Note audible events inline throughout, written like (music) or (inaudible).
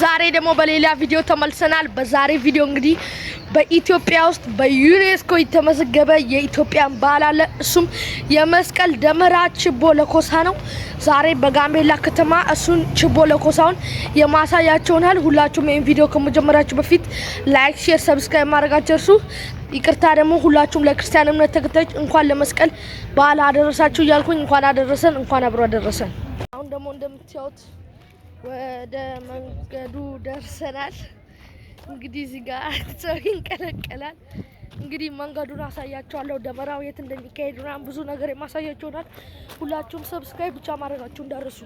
ዛሬ ደግሞ በሌላ ቪዲዮ ተመልሰናል። በዛሬ ቪዲዮ እንግዲህ በኢትዮጵያ ውስጥ በዩኔስኮ የተመዘገበ የኢትዮጵያን ባህል አለ። እሱም የመስቀል ደመራ ችቦ ለኮሳ ነው። ዛሬ በጋምቤላ ከተማ እሱን ችቦ ለኮሳውን የማሳያቸውናል። ሁላችሁም ይህን ቪዲዮ ከመጀመራችሁ በፊት ላይክ፣ ሼር፣ ሰብስክራይብ ማድረጋችሁ እርሱ ይቅርታ ደግሞ ሁላችሁም ለክርስቲያን እምነት ተከታዮች እንኳን ለመስቀል በዓል አደረሳችሁ እያልኩኝ እንኳን አደረሰን፣ እንኳን አብሮ አደረሰን። አሁን ደግሞ እንደምታዩት ወደ መንገዱ ደርሰናል። እንግዲህ እዚህ ጋር (laughs) ሰው ይንቀለቀላል። እንግዲህ መንገዱን አሳያችኋለሁ፣ ደመራው የት እንደሚካሄድ ምናምን ብዙ ነገር የማሳያችሁ ይሆናል። ሁላችሁም ሰብስክራይብ ብቻ ማድረጋችሁ እንዳረሱ።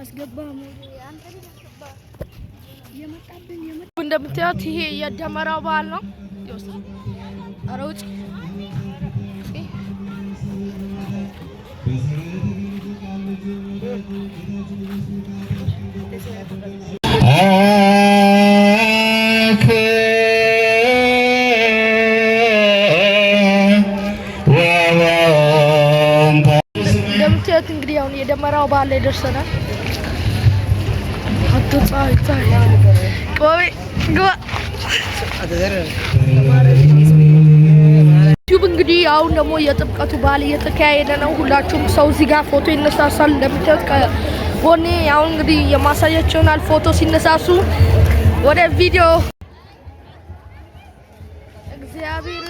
አስገባ እንደምታዩት ይሄ የደመራው በዓል ነው። ኧረ ውጭ እንደምታዩት እንግዲህ አሁን የደመራው በዓል ላይ ደርሰናል። ዩብ እንግዲህ አሁን ደግሞ የጥምቀቱ በዓል እየተካሄደ ነው። ሁላችሁም ሰው እዚህ ጋር ፎቶ ይነሳሳል። እንደምታዩት ከጎኔ አሁን እንግዲህ የማሳያቸውናል ፎቶ ሲነሳሱ ወደ ቪዲዮ እግዚአብሔር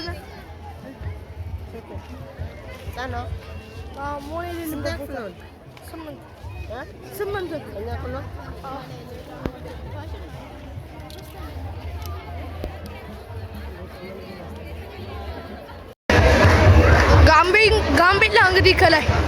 10만 더 되냐 그럼? 아. Gambit, Gambit lang di kalay.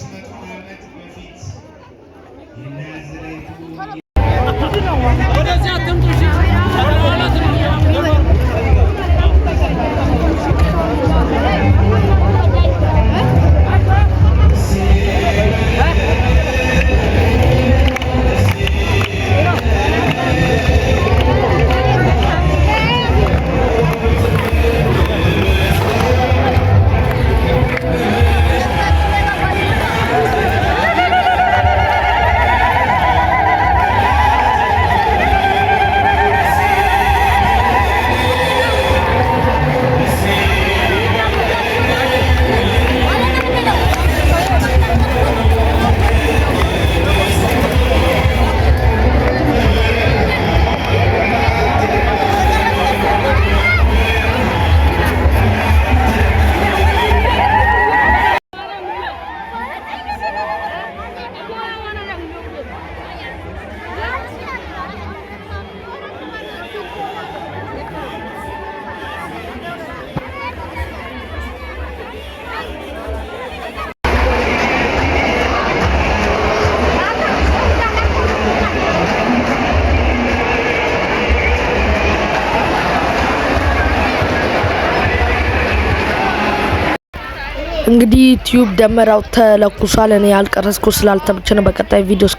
Christmas. እንግዲህ ዩቲዩብ ደመራው ተለኩሷል። እኔ ያልቀረስኩ ስላልተመቸ በቀጣይ ቪዲዮ